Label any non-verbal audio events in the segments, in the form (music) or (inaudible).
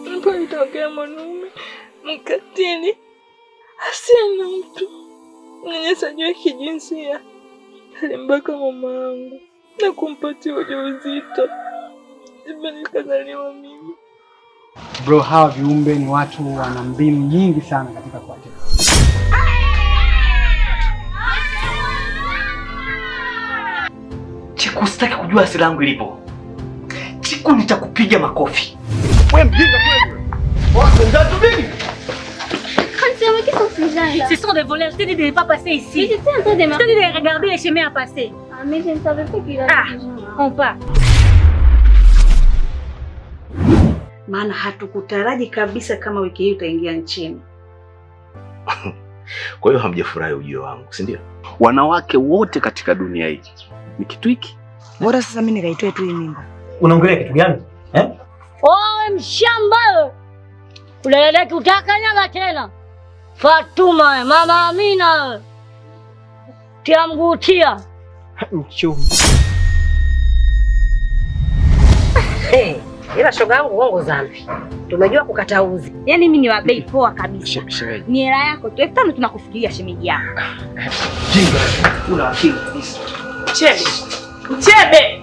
Ndipo mwanaume mkatili asiye na mtu, mnyanyasaji wa kijinsia. Alimbaka mama yangu na kumpatia ujauzito, ndipo nikazaliwa mimi. Bro, hawa viumbe ni watu wana mbinu nyingi sana katika kuwateka. Chiku, sitaki kujua asili yangu ilipo siku nitakupiga makofi. Wewe mjinga kweli. Ce sont des voleurs, je te dis de ne pas passer ici. Mais je te dis de regarder les chemins à passer. Ah, mais je ne savais pas qu'il allait. Ah, on part. Maana hatukutaraji kabisa kama wiki hii utaingia nchini. (laughs) Kwa hiyo hamjafurahi ujio wangu, si ndio? Wanawake wote katika dunia hii ni kitu hiki. Bora sasa mimi nikaitoe tu hii mimba unaongelea kitu gani eh? Owe oh, mshamba uleleki utakanyaga tena Fatuma, mama Amina tia mgutia mchumba hey. Eh, ila shoga yangu uongo zambi, tumejua kukata uzi. Yaani mimi ni wa bei poa kabisa, ni hela yako tu elfu tano tunakufikiria shemeji yako. Chebe. Chebe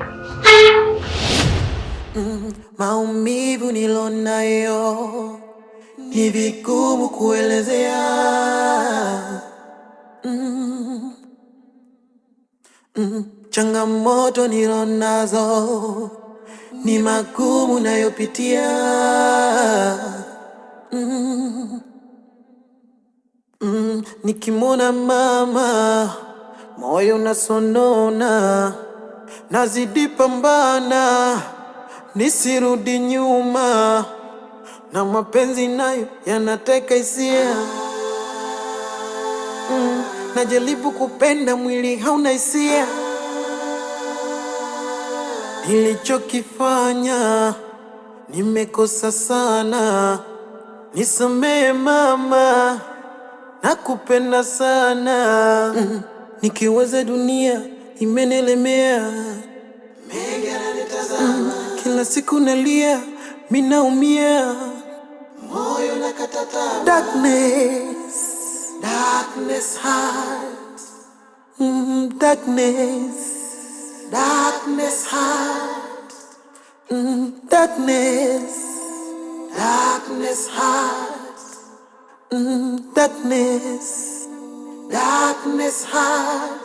maumivu maumivu nilonayo ni vigumu kuelezea mm, mm, changamoto nilonazo ni magumu nayopitia mm, mm, mama moyo nasonona nazidi pambana nisirudi nyuma, na mapenzi nayo yanateka hisia mm. Najaribu kupenda mwili hauna hisia, nilichokifanya nimekosa sana, nisamee mama, nakupenda sana mm. Nikiweza dunia imenelemea kila siku nalia, minaumia moyo na katata. Darkness, darkness heart, mm, darkness, darkness heart, mm, darkness, darkness heart, mm, darkness, darkness heart.